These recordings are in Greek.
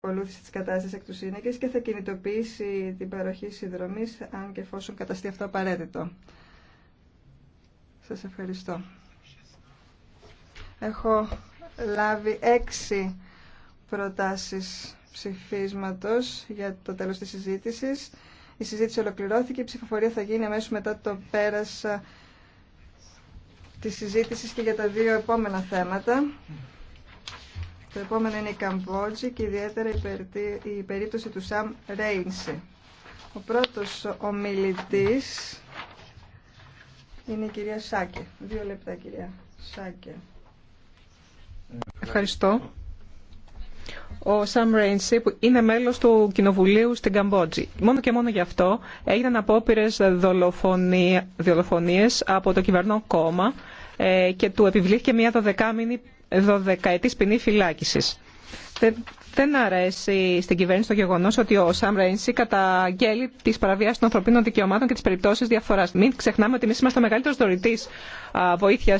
παρακολούθηση τη κατάσταση εκ του και θα κινητοποιήσει την παροχή συνδρομής αν και εφόσον καταστεί αυτό απαραίτητο. Σα ευχαριστώ. Έχω λάβει έξι προτάσεις ψηφίσματος για το τέλο τη συζήτηση. Η συζήτηση ολοκληρώθηκε, η ψηφοφορία θα γίνει αμέσως μετά το πέρασα της συζήτηση και για τα δύο επόμενα θέματα. Το επόμενο είναι η Καμπότζη και ιδιαίτερα η περίπτωση του Σαμ Ρέινση. Ο πρώτος ομιλητής είναι η κυρία Σάκε. Δύο λεπτά κυρία Σάκε. Ευχαριστώ. Ο Σαμ Ρέινσι που είναι μέλος του Κοινοβουλίου στην Καμπότζη. Μόνο και μόνο γι' αυτό έγιναν απόπειρε δολοφονίες από το κυβερνό κόμμα ε, και του επιβλήθηκε μια δωδεκάμινη δωδεκαετής ποινή φυλάκισης. Δεν, δεν αρέσει στην κυβέρνηση το γεγονό ότι ο Σαμ Ρέινσι καταγγέλει τι παραβιάσει των ανθρωπίνων δικαιωμάτων και τι περιπτώσει διαφορά. Μην ξεχνάμε ότι εμεί είμαστε ο μεγαλύτερο δωρητή βοήθεια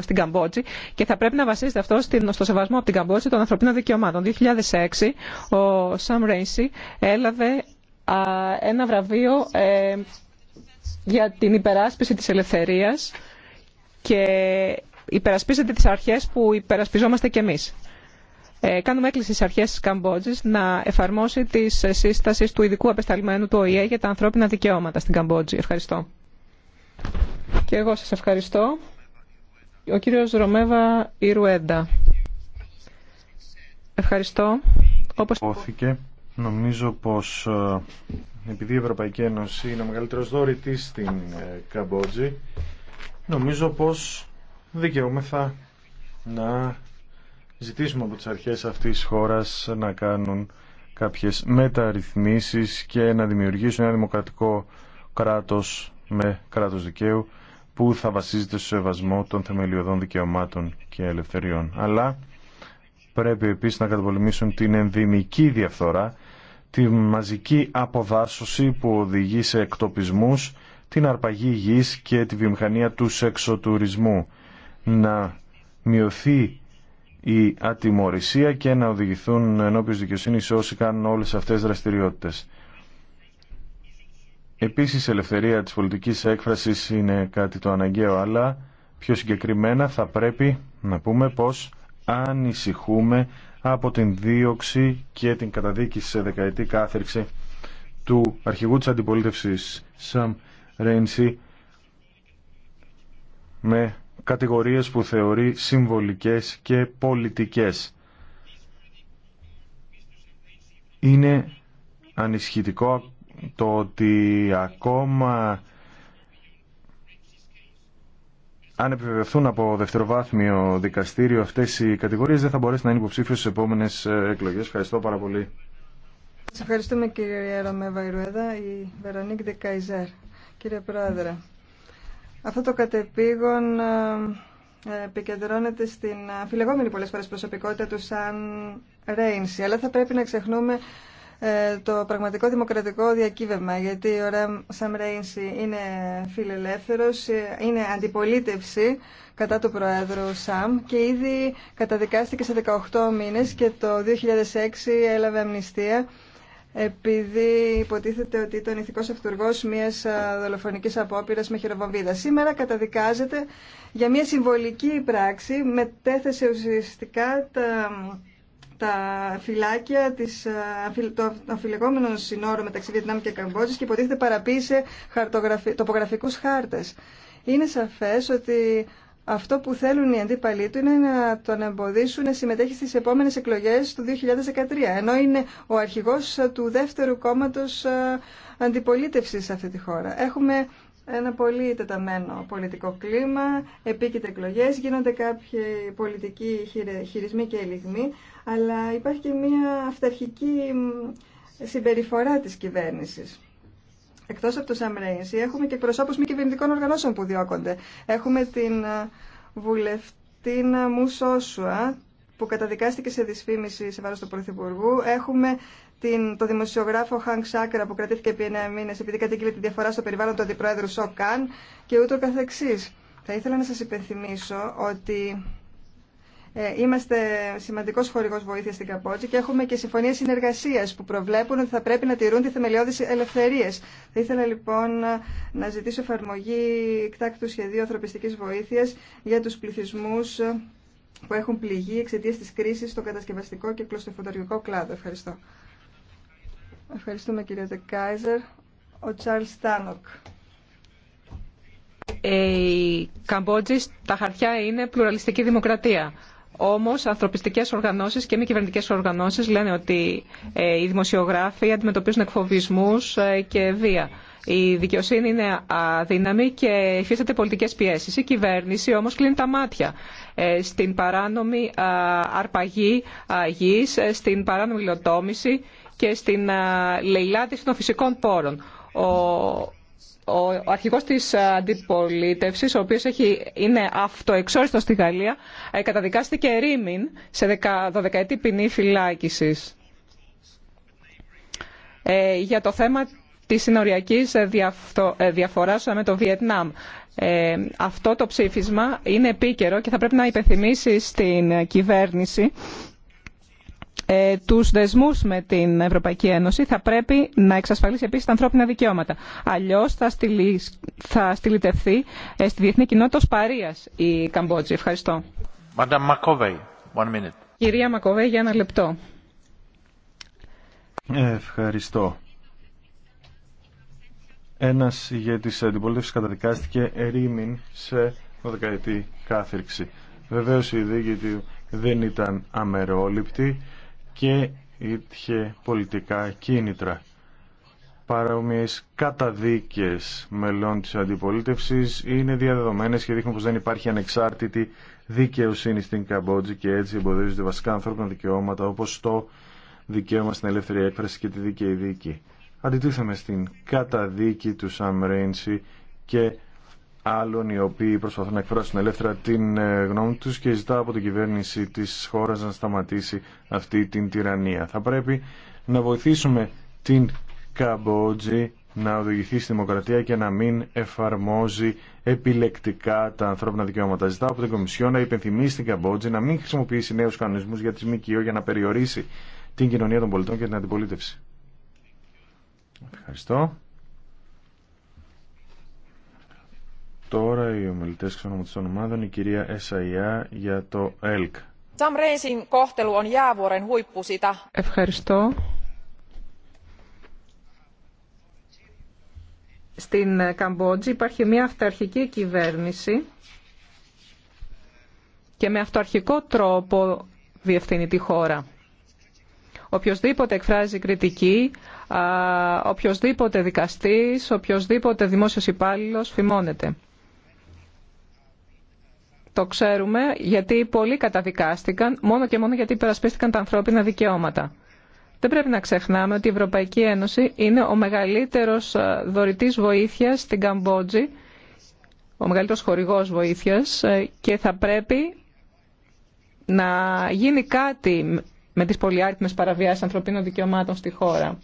στην Καμπότζη και θα πρέπει να βασίζεται αυτό στο σεβασμό από την Καμπότζη των ανθρωπίνων δικαιωμάτων. Το 2006 ο Σαμ Ρέινσι έλαβε ένα βραβείο ε, για την υπεράσπιση τη ελευθερία. και υπερασπίζεται τις αρχές που υπερασπιζόμαστε κι εμείς. Ε, κάνουμε έκκληση στις αρχές της Καμπότζης να εφαρμόσει τις σύστασεις του ειδικού απεσταλμένου του ΟΗΕ για τα ανθρώπινα δικαιώματα στην Καμπότζη. Ευχαριστώ. Και εγώ σας ευχαριστώ. Ο κύριος Ρωμέβα Ιρουέντα. Ευχαριστώ. Όπως... Νομίζω πως ε, επειδή η Ευρωπαϊκή Ένωση είναι ο μεγαλύτερος στην ε, Καμπότζη, νομίζω πως δικαιούμεθα να ζητήσουμε από τις αρχές αυτής της χώρας να κάνουν κάποιες μεταρρυθμίσεις και να δημιουργήσουν ένα δημοκρατικό κράτος με κράτος δικαίου που θα βασίζεται στο σεβασμό των θεμελιωδών δικαιωμάτων και ελευθεριών. Αλλά πρέπει επίσης να καταπολεμήσουν την ενδυμική διαφθορά, τη μαζική αποδάσωση που οδηγεί σε εκτοπισμούς, την αρπαγή γης και τη βιομηχανία του σεξοτουρισμού να μειωθεί η ατιμορρησία και να οδηγηθούν ενώπιος δικαιοσύνης όσοι κάνουν όλες αυτές τις δραστηριότητες. Επίσης, η ελευθερία της πολιτικής έκφρασης είναι κάτι το αναγκαίο, αλλά πιο συγκεκριμένα θα πρέπει να πούμε πως ανησυχούμε από την δίωξη και την καταδίκη σε δεκαετή κάθερξη του αρχηγού της αντιπολίτευσης Σαμ Ρέινσι με κατηγορίες που θεωρεί συμβολικές και πολιτικές. Είναι ανισχυτικό το ότι ακόμα αν επιβεβαιωθούν από δευτεροβάθμιο δικαστήριο αυτές οι κατηγορίες δεν θα μπορέσει να είναι υποψήφιος στις επόμενες ε, εκλογές. Ευχαριστώ πάρα πολύ. Σας ευχαριστούμε κύριε Ρωμέβα Ιρουέδα, η Βερονίκ Δεκαϊζέρ. Κύριε Πρόεδρε. Αυτό το κατεπήγον ε, ε, επικεντρώνεται στην αφιλεγόμενη πολλές φορές προσωπικότητα του σαν Ρέινση, αλλά θα πρέπει να ξεχνούμε ε, το πραγματικό δημοκρατικό διακύβευμα, γιατί ο Σαμ Ρέινση είναι φιλελεύθερος, είναι αντιπολίτευση κατά του Προέδρου Σαμ και ήδη καταδικάστηκε σε 18 μήνες και το 2006 έλαβε αμνηστία επειδή υποτίθεται ότι ήταν ηθικός αυτούργος μιας δολοφονικής απόπειρας με χειροβομβίδα. Σήμερα καταδικάζεται για μια συμβολική πράξη, μετέθεσε ουσιαστικά τα, τα φυλάκια της, των αφιλεγόμενων συνόρων μεταξύ Βιετνάμ και Καμπότζης και υποτίθεται παραποίησε τοπογραφικούς χάρτες. Είναι σαφές ότι αυτό που θέλουν οι αντίπαλοι του είναι να τον εμποδίσουν να συμμετέχει στις επόμενες εκλογές του 2013, ενώ είναι ο αρχηγός του δεύτερου κόμματος ε, αντιπολίτευσης σε αυτή τη χώρα. Έχουμε ένα πολύ τεταμένο πολιτικό κλίμα, επίκειται εκλογές, γίνονται κάποιοι πολιτικοί χειρισμοί και ελιγμοί, αλλά υπάρχει και μια αυταρχική συμπεριφορά της κυβέρνησης. Εκτός από το Sam έχουμε και εκπροσώπου μη κυβερνητικών οργανώσεων που διώκονται. Έχουμε την ε, βουλευτή Ναμού Σόσουα, που καταδικάστηκε σε δυσφήμιση σε βάρος του Πρωθυπουργού. Έχουμε την, το δημοσιογράφο Χανκ Σάκρα που κρατήθηκε επί εννέα μήνε επειδή κατήγγειλε τη διαφορά στο περιβάλλον του Αντιπρόεδρου Σοκάν και ούτω καθεξής. Θα ήθελα να σα υπενθυμίσω ότι ε, είμαστε σημαντικό χορηγό βοήθεια στην Καμπότζη και έχουμε και συμφωνίε συνεργασία που προβλέπουν ότι θα πρέπει να τηρούν τη θεμελιώδη ελευθερίε. Θα ήθελα λοιπόν να ζητήσω εφαρμογή εκτάκτου σχεδίου ανθρωπιστική βοήθεια για του πληθυσμού που έχουν πληγεί εξαιτία τη κρίση στο κατασκευαστικό και κλωστοφονταριοκό κλάδο. Ευχαριστώ. Ευχαριστούμε κύριε Δεκάιζερ. Ο Τσάρλ Στάνοκ. Ε, η Καμπότζη στα χαρτιά είναι πλουραλιστική δημοκρατία όμως, ανθρωπιστικές οργανώσεις και μη κυβερνητικές οργανώσεις λένε ότι ε, οι δημοσιογράφοι αντιμετωπίζουν εκφοβισμούς ε, και βία. Η δικαιοσύνη είναι αδύναμη και υφίσταται πολιτικές πιέσεις. Η κυβέρνηση όμως κλείνει τα μάτια ε, στην παράνομη αρπαγή γης, στην παράνομη λιωτόμηση και στην λαιλάτιση των φυσικών πόρων. Ο ο αρχηγός της αντιπολίτευση, ο οποίος είναι αυτοεξόριστος στη Γαλλία, ε, καταδικάστηκε ρήμην σε 12 ετή ποινή φυλάκισης ε, για το θέμα της συνοριακής ε, διαφοράς με το Βιετνάμ. αυτό το ψήφισμα είναι επίκαιρο και θα πρέπει να υπενθυμίσει στην κυβέρνηση ε, τους δεσμούς με την Ευρωπαϊκή Ένωση θα πρέπει να εξασφαλίσει επίσης τα ανθρώπινα δικαιώματα. Αλλιώς θα, θα στυλιτευθεί ε, στη διεθνή κοινότητα ως παρείας η Καμπότζη. Ευχαριστώ. Κυρία Μακοβέ, για ένα λεπτό. Ευχαριστώ. Ένας ηγέτης αντιπολίτευσης καταδικάστηκε ερήμην σε δεκαετή κάθερξη Βεβαίως η δίκη του δεν ήταν αμερόληπτη και είχε πολιτικά κίνητρα. Παρόμοιες καταδίκες μελών της αντιπολίτευσης είναι διαδεδομένες και δείχνουν πως δεν υπάρχει ανεξάρτητη δικαιοσύνη στην Καμπότζη και έτσι εμποδίζονται βασικά ανθρώπινα δικαιώματα όπως το δικαίωμα στην ελεύθερη έκφραση και τη δίκαιη δίκη. Αντιτίθεμε στην καταδίκη του Σαμ και άλλων οι οποίοι προσπαθούν να εκφράσουν ελεύθερα την ε, γνώμη τους και ζητά από την κυβέρνηση της χώρας να σταματήσει αυτή την τυραννία. Θα πρέπει να βοηθήσουμε την Καμπότζη να οδηγηθεί στη δημοκρατία και να μην εφαρμόζει επιλεκτικά τα ανθρώπινα δικαιώματα. Ζητά από την Κομισιόν να υπενθυμίσει την Καμπότζη να μην χρησιμοποιήσει νέου κανονισμούς για τη ΜΚΟ για να περιορίσει την κοινωνία των πολιτών και την αντιπολίτευση. Ευχαριστώ. τώρα οι ομιλητέ ξενομοτή ομάδων, η κυρία Εσαϊά για το ΕΛΚ. Ευχαριστώ. Στην Καμπότζη υπάρχει μια αυταρχική κυβέρνηση και με αυτοαρχικό τρόπο διευθύνει τη χώρα. Οποιοςδήποτε εκφράζει κριτική, οποιοδήποτε δικαστής, οποιοδήποτε δημόσιος υπάλληλος φημώνεται. Το ξέρουμε γιατί πολλοί καταδικάστηκαν μόνο και μόνο γιατί υπερασπίστηκαν τα ανθρώπινα δικαιώματα. Δεν πρέπει να ξεχνάμε ότι η Ευρωπαϊκή Ένωση είναι ο μεγαλύτερος ε, δωρητής βοήθειας στην Καμπότζη, ο μεγαλύτερος χορηγός βοήθειας ε, και θα πρέπει να γίνει κάτι με τις πολυάριθμες παραβιάσεις ανθρωπίνων δικαιωμάτων στη χώρα.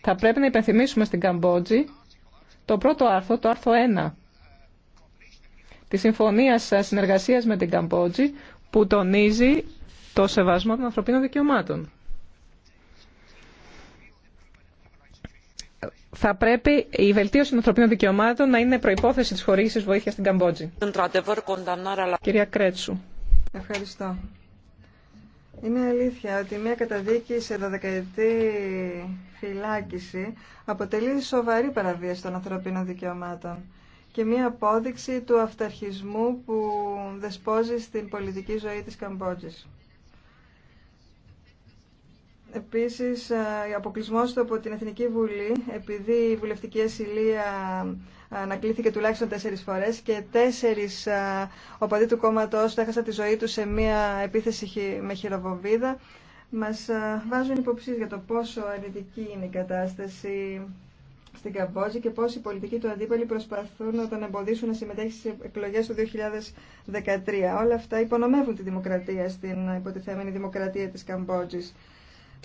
Θα πρέπει να υπενθυμίσουμε στην Καμπότζη το πρώτο άρθρο, το άρθρο 1 τη συμφωνία συνεργασίας με την Καμπότζη που τονίζει το σεβασμό των ανθρωπίνων δικαιωμάτων. θα πρέπει η βελτίωση των ανθρωπίνων δικαιωμάτων να είναι προπόθεση τη χορήγηση βοήθεια στην Καμπότζη. Κυρία Κρέτσου. Ευχαριστώ. Είναι αλήθεια ότι μια καταδίκη σε 12 φυλάκιση αποτελεί σοβαρή παραβίαση των ανθρωπίνων δικαιωμάτων και μία απόδειξη του αυταρχισμού που δεσπόζει στην πολιτική ζωή της Καμπότζης. Επίσης, ε, αποκλεισμό του από την Εθνική Βουλή, επειδή η βουλευτική ασυλία ανακλήθηκε τουλάχιστον τέσσερις φορές και τέσσερις ε, οπαδοί του κόμματος έχασαν τη ζωή τους σε μία επίθεση με χειροβοβίδα, μας ε, βάζουν υποψίες για το πόσο αρνητική είναι η κατάσταση στην Καμπότζη και πώς οι πολιτικοί του αντίπαλοι προσπαθούν να τον εμποδίσουν να συμμετέχει στις εκλογές του 2013. Όλα αυτά υπονομεύουν τη δημοκρατία στην υποτιθέμενη δημοκρατία της Καμπότζης.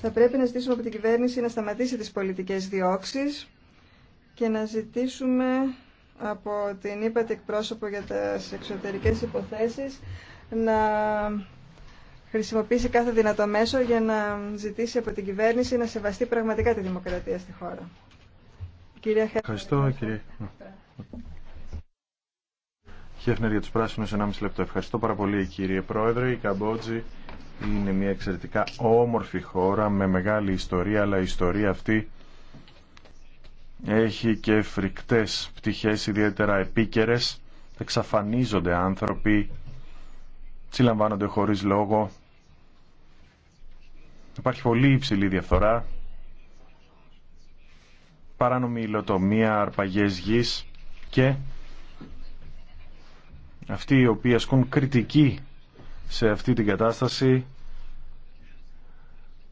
Θα πρέπει να ζητήσουμε από την κυβέρνηση να σταματήσει τις πολιτικές διώξεις και να ζητήσουμε από την ύπατη εκπρόσωπο για τις εξωτερικές υποθέσεις να χρησιμοποιήσει κάθε δυνατό μέσο για να ζητήσει από την κυβέρνηση να σεβαστεί πραγματικά τη δημοκρατία στη χώρα. Κυρία Ευχαριστώ, κύριε. Χέφνερ για του πράσινου 1,5 λεπτό. Ευχαριστώ πάρα πολύ κύριε Πρόεδρε. Η Καμπότζη είναι μια εξαιρετικά όμορφη χώρα με μεγάλη ιστορία, αλλά η ιστορία αυτή έχει και φρικτές πτυχές, ιδιαίτερα επίκαιρες. Εξαφανίζονται άνθρωποι, συλλαμβάνονται χωρίς λόγο. Υπάρχει πολύ υψηλή διαφθορά, παράνομη υλοτομία, αρπαγές γης και αυτοί οι οποίοι ασκούν κριτική σε αυτή την κατάσταση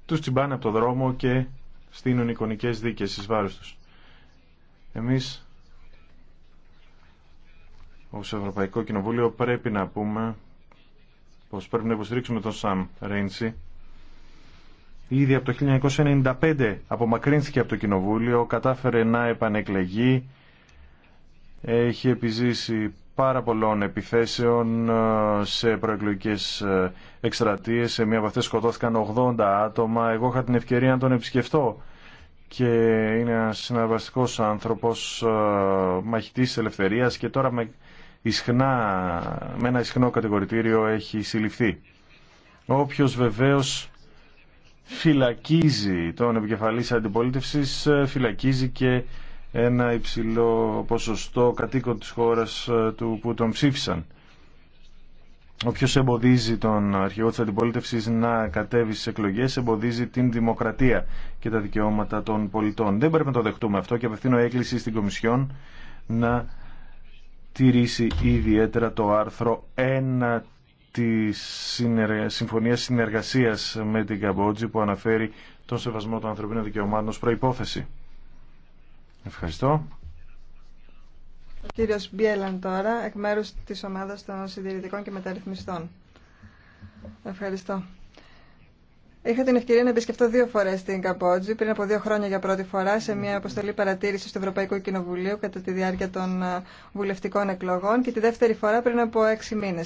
τους τσιμπάνε από το δρόμο και στείνουν εικονικές δίκες στις βάρους τους. Εμείς ως Ευρωπαϊκό Κοινοβούλιο πρέπει να πούμε πως πρέπει να υποστηρίξουμε τον Σαμ Ρέιντσι ήδη από το 1995 απομακρύνθηκε από το Κοινοβούλιο, κατάφερε να επανεκλεγεί, έχει επιζήσει πάρα πολλών επιθέσεων ε, σε προεκλογικές ε, εκστρατείες. Σε μία από αυτές σκοτώθηκαν 80 άτομα. Εγώ είχα την ευκαιρία να τον επισκεφτώ και είναι ένας συναρβαστικός άνθρωπος, ε, μαχητής της ελευθερίας και τώρα με, ισχνά, με ένα ισχνό κατηγορητήριο έχει συλληφθεί. Όποιος βεβαίως φυλακίζει τον επικεφαλής αντιπολίτευσης, ε, φυλακίζει και ένα υψηλό ποσοστό κατοίκων της χώρας ε, του που τον ψήφισαν. Όποιο εμποδίζει τον αρχηγό της αντιπολίτευσης να κατέβει στις εκλογές, εμποδίζει την δημοκρατία και τα δικαιώματα των πολιτών. Δεν πρέπει να το δεχτούμε αυτό και απευθύνω έκκληση στην Κομισιόν να τηρήσει ιδιαίτερα το άρθρο 1 της Συμφωνίας Συνεργασίας με την Καμπότζη που αναφέρει τον σεβασμό των ανθρωπίνων δικαιωμάτων ως προϋπόθεση. Ευχαριστώ. Ο κύριος Μπιέλαν τώρα, εκ μέρους της ομάδας των συντηρητικών και μεταρρυθμιστών. Ευχαριστώ. Είχα την ευκαιρία να επισκεφτώ δύο φορέ στην Καμπότζη πριν από δύο χρόνια για πρώτη φορά σε μια αποστολή παρατήρηση του Ευρωπαϊκού Κοινοβουλίου κατά τη διάρκεια των ε, βουλευτικών εκλογών και τη δεύτερη φορά πριν από έξι μήνε.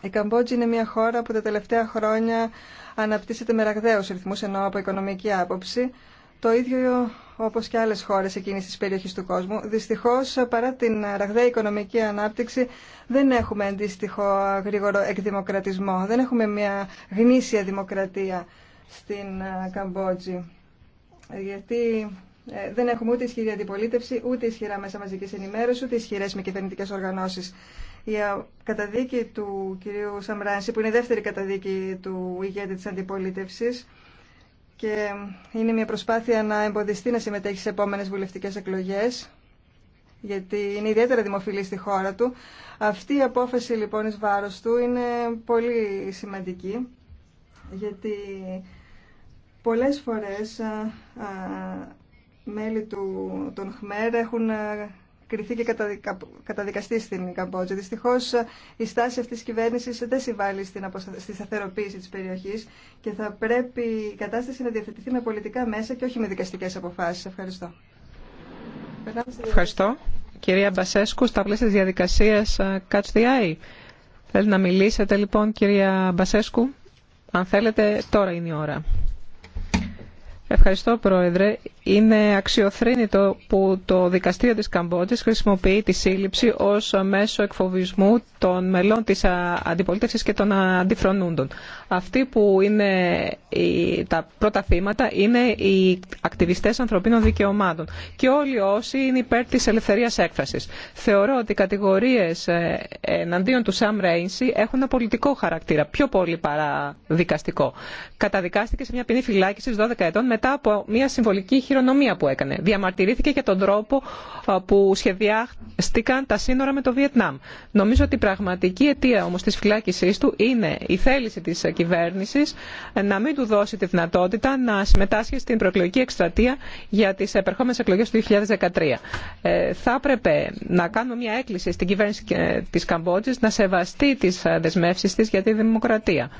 Η Καμπότζη είναι μια χώρα που τα τελευταία χρόνια αναπτύσσεται με ραγδαίου ρυθμού ενώ από οικονομική άποψη. Το ίδιο όπως και άλλες χώρες εκείνη της περιοχή του κόσμου. Δυστυχώ παρά την ραγδαία οικονομική ανάπτυξη, δεν έχουμε αντίστοιχο γρήγορο εκδημοκρατισμό. Δεν έχουμε μια γνήσια δημοκρατία στην Καμπότζη. Γιατί ε, δεν έχουμε ούτε ισχυρή αντιπολίτευση, ούτε ισχυρά μέσα μαζική ενημέρωση ούτε ισχυρέ με κυβερνητικέ οργανώσεις. Η ε, καταδίκη του κυρίου Σαμράνση, που είναι η δεύτερη καταδίκη του ηγέτη της αντιπολίτευσης, και είναι μια προσπάθεια να εμποδιστεί να συμμετέχει σε επόμενες βουλευτικές εκλογές, γιατί είναι ιδιαίτερα δημοφιλή στη χώρα του. Αυτή η απόφαση λοιπόν ει βάρο του είναι πολύ σημαντική, γιατί πολλές φορές ε, μέλη του, των ΧΜΕΡ έχουν ε, κριθεί και καταδικαστεί στην Καμπότζη. Δυστυχώ ε, η στάση αυτή τη κυβέρνηση δεν συμβάλλει στην αποστα... στη σταθεροποίηση τη περιοχή και θα πρέπει η κατάσταση να διαθετηθεί με πολιτικά μέσα και όχι με δικαστικέ αποφάσει. Ευχαριστώ. Ευχαριστώ. Κυρία Μπασέσκου, στα πλαίσια τη διαδικασία ε, Catch the Eye. Θέλετε να μιλήσετε λοιπόν, κυρία Μπασέσκου. Αν θέλετε, τώρα είναι η ώρα. Ευχαριστώ, Πρόεδρε. Είναι αξιοθρήνητο που το Δικαστήριο της Καμπότζης χρησιμοποιεί τη σύλληψη ως μέσο εκφοβισμού των μελών της αντιπολίτευσης και των αντιφρονούντων. Αυτοί που είναι τα πρώτα θύματα είναι οι ακτιβιστές ανθρωπίνων δικαιωμάτων και όλοι όσοι είναι υπέρ της ελευθερίας έκφρασης. Θεωρώ ότι οι κατηγορίες ε, εναντίον του Σαμ Ρέινσι έχουν ένα πολιτικό χαρακτήρα, πιο πολύ παρά δικαστικό. Καταδικάστηκε σε μια ποινή φυλάκισης 12 ετών μετά από μια συμβολική χειρονομία που έκανε. Διαμαρτυρήθηκε για τον τρόπο που σχεδιάστηκαν τα σύνορα με το Βιετνάμ. Νομίζω ότι η πραγματική αιτία όμω τη φυλάκισής του είναι η θέληση τη κυβέρνηση να μην του δώσει τη δυνατότητα να συμμετάσχει στην προεκλογική εκστρατεία για τι επερχόμενε εκλογέ του 2013. Ε, θα έπρεπε να κάνουμε μια έκκληση στην κυβέρνηση τη Καμπότζη, να σεβαστεί τι δεσμεύσει τη για τη δημοκρατία.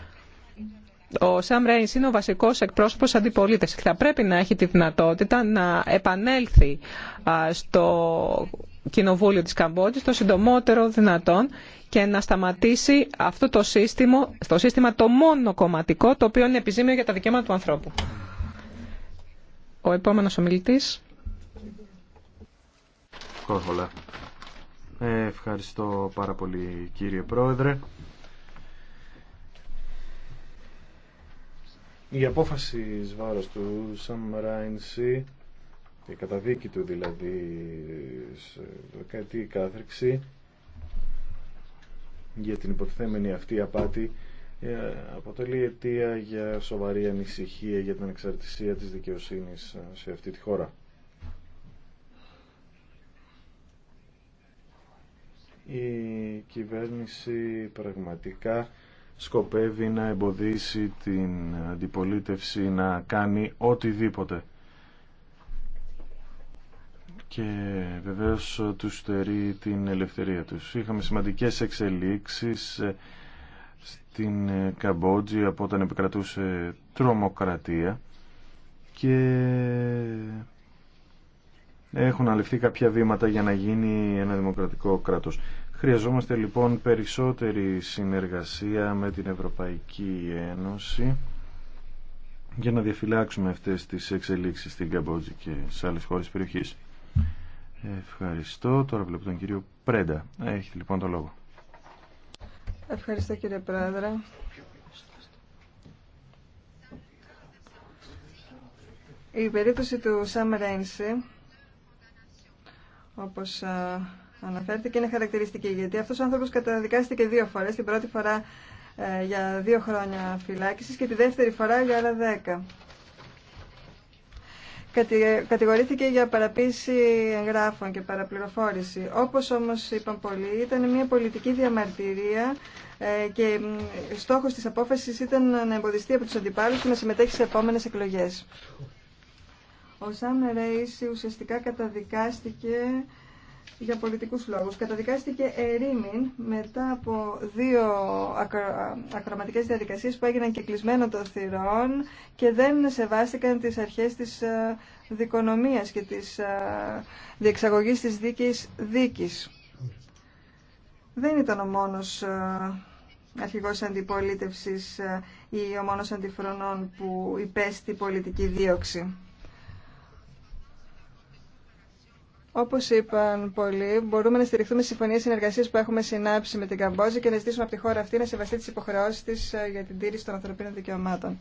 Ο Σαμ Ρέινς είναι ο βασικός εκπρόσωπος αντιπολίτευσης και θα πρέπει να έχει τη δυνατότητα να επανέλθει στο Κοινοβούλιο της Καμπότης το συντομότερο δυνατόν και να σταματήσει αυτό το σύστημα, το σύστημα το μόνο κομματικό το οποίο είναι επιζήμιο για τα δικαιώματα του ανθρώπου. Ο επόμενος ομιλητής. Ε, Ευχαριστώ πάρα πολύ κύριε Πρόεδρε. Η απόφαση εις βάρος του Σαμ Ράινσι, η καταδίκη του δηλαδή σε δεκαετή κάθριξη για την υποθέμενη αυτή απάτη ε, αποτελεί αιτία για σοβαρή ανησυχία για την εξαρτησία της δικαιοσύνης ε, σε αυτή τη χώρα. Η κυβέρνηση πραγματικά σκοπεύει να εμποδίσει την αντιπολίτευση να κάνει οτιδήποτε. Και βεβαίως του στερεί την ελευθερία τους. Είχαμε σημαντικές εξελίξεις ε, στην Καμπότζη από όταν επικρατούσε τρομοκρατία και έχουν αληφθεί κάποια βήματα για να γίνει ένα δημοκρατικό κράτος. Χρειαζόμαστε λοιπόν περισσότερη συνεργασία με την Ευρωπαϊκή Ένωση για να διαφυλάξουμε αυτές τις εξελίξεις στην Καμπότζη και σε άλλες χώρες περιοχής. Ευχαριστώ. Τώρα βλέπω τον κύριο Πρέντα. Έχετε λοιπόν το λόγο. Ευχαριστώ κύριε Πρόεδρε. Η περίπτωση του Σαμερένση, όπως αναφέρθηκε και είναι χαρακτηριστική γιατί αυτός ο άνθρωπος καταδικάστηκε δύο φορές, την πρώτη φορά ε, για δύο χρόνια φυλάκισης και τη δεύτερη φορά για άλλα δέκα. Κατηγορήθηκε για παραποίηση εγγράφων και παραπληροφόρηση. Όπως όμως είπαν πολλοί, ήταν μια πολιτική διαμαρτυρία ε, και στόχος της απόφασης ήταν να εμποδιστεί από τους αντιπάλους και να συμμετέχει σε επόμενες εκλογές. Ο Σάμ ουσιαστικά καταδικάστηκε για πολιτικούς λόγους. Καταδικάστηκε ερήμην μετά από δύο ακροματικές διαδικασίες που έγιναν και κλεισμένο των θυρών και δεν σεβάστηκαν τις αρχές της ε, δικονομίας και της ε, διεξαγωγής της δίκης δίκης. Δεν ήταν ο μόνος ε, αρχηγός αντιπολίτευσης ή ο μόνος αντιφρονών που υπέστη πολιτική δίωξη. Όπω είπαν πολλοί, μπορούμε να στηριχθούμε στι συμφωνίε συνεργασία που έχουμε συνάψει με την Καμπότζη και να ζητήσουμε από τη χώρα αυτή να σεβαστεί τι υποχρεώσει τη ε, για την τήρηση των ανθρωπίνων δικαιωμάτων.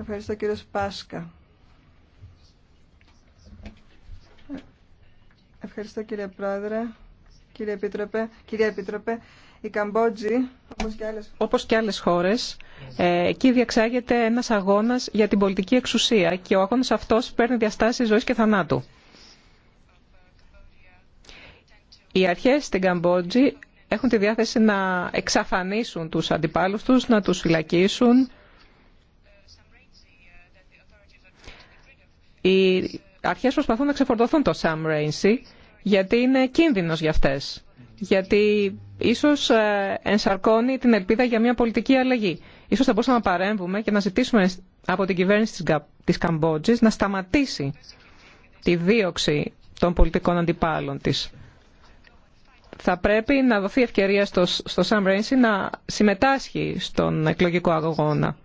Ευχαριστώ κύριο Πάσκα. Ευχαριστώ κύριε Πρόεδρε, κύριε Επίτροπε, κύριε Επίτροπε. Η Καμπότζη, όπως και άλλες, χώρε, χώρες, ε, εκεί διεξάγεται ένας αγώνας για την πολιτική εξουσία και ο αγώνας αυτός παίρνει διαστάσεις ζωής και θανάτου. Οι αρχές στην Καμπότζη έχουν τη διάθεση να εξαφανίσουν τους αντιπάλους τους, να τους φυλακίσουν. Οι αρχές προσπαθούν να ξεφορτωθούν το Σάμ Rainsy γιατί είναι κίνδυνος για αυτές. Γιατί ίσως ε, ενσαρκώνει την ελπίδα για μια πολιτική αλλαγή. Ίσως θα μπορούσαμε να παρέμβουμε και να ζητήσουμε από την κυβέρνηση της Καμπότζης να σταματήσει τη δίωξη των πολιτικών αντιπάλων της θα πρέπει να δοθεί ευκαιρία στο, στο Sam να συμμετάσχει στον εκλογικό αγώνα.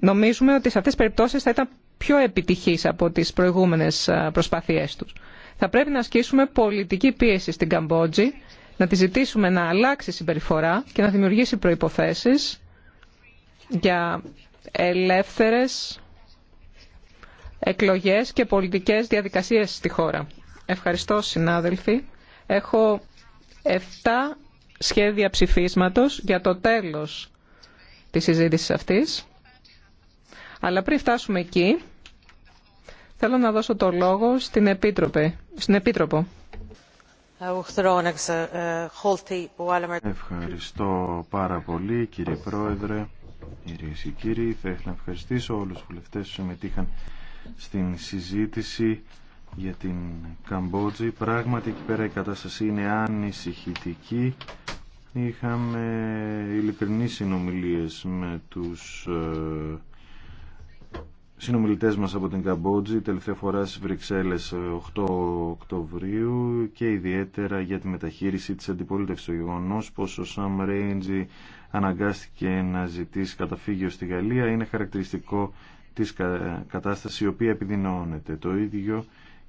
Νομίζουμε ότι σε αυτές τις περιπτώσεις θα ήταν πιο επιτυχής από τις προηγούμενες προσπάθειές τους. Θα πρέπει να ασκήσουμε πολιτική πίεση στην Καμπότζη, να τη ζητήσουμε να αλλάξει συμπεριφορά και να δημιουργήσει προϋποθέσεις για ελεύθερες εκλογές και πολιτικές διαδικασίες στη χώρα. Ευχαριστώ συνάδελφοι. Έχω Εφτά σχέδια ψηφίσματος για το τέλος της συζήτησης αυτής. Αλλά πριν φτάσουμε εκεί, θέλω να δώσω το λόγο στην, Επίτροπε, στην Επίτροπο. Ευχαριστώ πάρα πολύ κύριε Πρόεδρε, κυρίες και κύριοι. Θα ήθελα να ευχαριστήσω όλους τους βουλευτές που συμμετείχαν στην συζήτηση για την Καμπότζη. Πράγματι εκεί πέρα η κατάσταση είναι ανησυχητική. Είχαμε ειλικρινείς συνομιλίες με τους ε, συνομιλητές μας από την Καμπότζη τελευταία φορά στις Βρυξέλλες 8 ε, Οκτωβρίου και ιδιαίτερα για τη μεταχείριση της αντιπολίτευσης. Το γεγονό πως ο Σαμ Ρέιντζι αναγκάστηκε να ζητήσει καταφύγιο στη Γαλλία είναι χαρακτηριστικό της κατάστασης η οποία επιδεινώνεται. Το ίδιο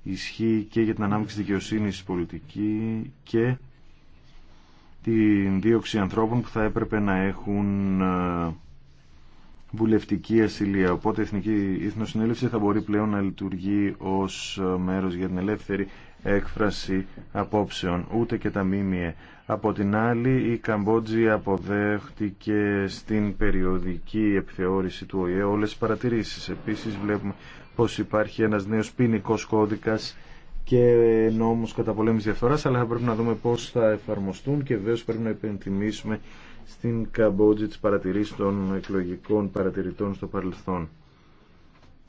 ισχύει και για την ανάμειξη δικαιοσύνης πολιτική και την δίωξη ανθρώπων που θα έπρεπε να έχουν ε, βουλευτική ασυλία. Οπότε η Εθνική Εθνοσυνέλευση θα μπορεί πλέον να λειτουργεί ως ε, μέρος για την ελεύθερη έκφραση απόψεων, ούτε και τα μίμια. Από την άλλη, η Καμπότζη αποδέχτηκε στην περιοδική επιθεώρηση του ΟΗΕ όλες τις παρατηρήσεις. Επίσης, βλέπουμε πως υπάρχει ένας νέος ποινικό κώδικας και νόμους κατά πολέμης διαφθοράς, αλλά θα πρέπει να δούμε πώς θα εφαρμοστούν και βέβαια πρέπει να υπενθυμίσουμε στην Καμπότζη τις παρατηρήσεις των εκλογικών παρατηρητών στο παρελθόν.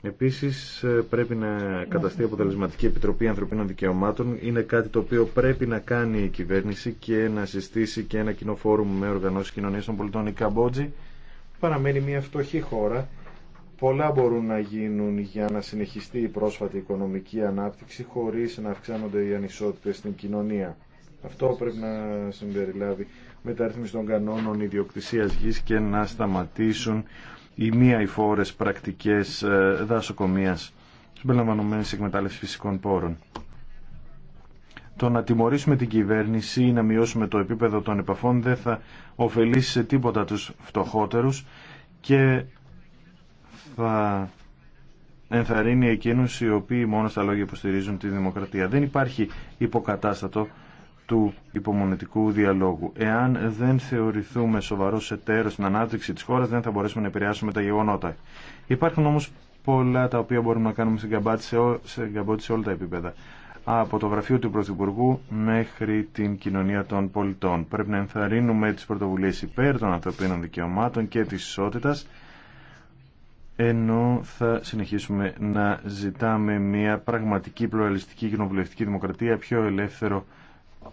Επίσης ε, πρέπει να καταστεί αποτελεσματική Επιτροπή Ανθρωπίνων Δικαιωμάτων. Είναι κάτι το οποίο πρέπει να κάνει η κυβέρνηση και να συστήσει και ένα κοινό φόρουμ με οργανώσεις κοινωνίας των πολιτών. Η Καμπότζη παραμένει μια φτωχή χώρα Πολλά μπορούν να γίνουν για να συνεχιστεί η πρόσφατη οικονομική ανάπτυξη χωρίς να αυξάνονται οι ανισότητες στην κοινωνία. Αυτό πρέπει να συμπεριλάβει μεταρρύθμιση των κανόνων ιδιοκτησίας γης και να σταματήσουν οι μία η φόρες πρακτικές ε, δασοκομείας συμπεριλαμβανομένης εκμετάλλευσης φυσικών πόρων. Το να τιμωρήσουμε την κυβέρνηση ή να μειώσουμε το επίπεδο των επαφών δεν θα ωφελήσει σε τίποτα τους φτωχότερους και θα ενθαρρύνει εκείνους οι οποίοι μόνο στα λόγια υποστηρίζουν τη δημοκρατία. Δεν υπάρχει υποκατάστατο του υπομονετικού διαλόγου. Εάν δεν θεωρηθούμε σοβαρό εταίρο στην ανάπτυξη τη χώρα, δεν θα μπορέσουμε να επηρεάσουμε τα γεγονότα. Υπάρχουν όμω πολλά τα οποία μπορούμε να κάνουμε στην Καμπάτη σε, ό, σε, Καμπότη, σε όλα τα επίπεδα. Από το γραφείο του Πρωθυπουργού μέχρι την κοινωνία των πολιτών. Πρέπει να ενθαρρύνουμε τι πρωτοβουλίε υπέρ των ανθρωπίνων δικαιωμάτων και τη ισότητα ενώ θα συνεχίσουμε να ζητάμε μια πραγματική πλουραλιστική κοινοβουλευτική δημοκρατία, πιο ελεύθερο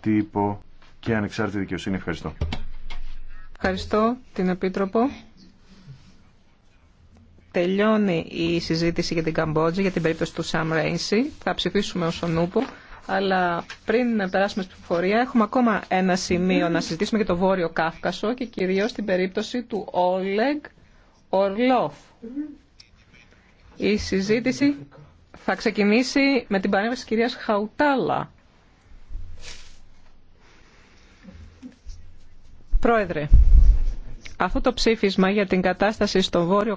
τύπο και ανεξάρτητη δικαιοσύνη. Ευχαριστώ. Ευχαριστώ την Επίτροπο. Τελειώνει η συζήτηση για την Καμπότζη, για την περίπτωση του Σαμ Ρέινσι. Θα ψηφίσουμε ως Νούπο, Αλλά πριν να περάσουμε στην ψηφοφορία, έχουμε ακόμα ένα σημείο να συζητήσουμε για το Βόρειο Κάφκασο και κυρίως την περίπτωση του Όλεγ Ορλόφ. Η συζήτηση θα ξεκινήσει με την παρέμβαση της κυρίας Χαουτάλα. Πρόεδρε, αυτό το ψήφισμα για την κατάσταση στο Βόρειο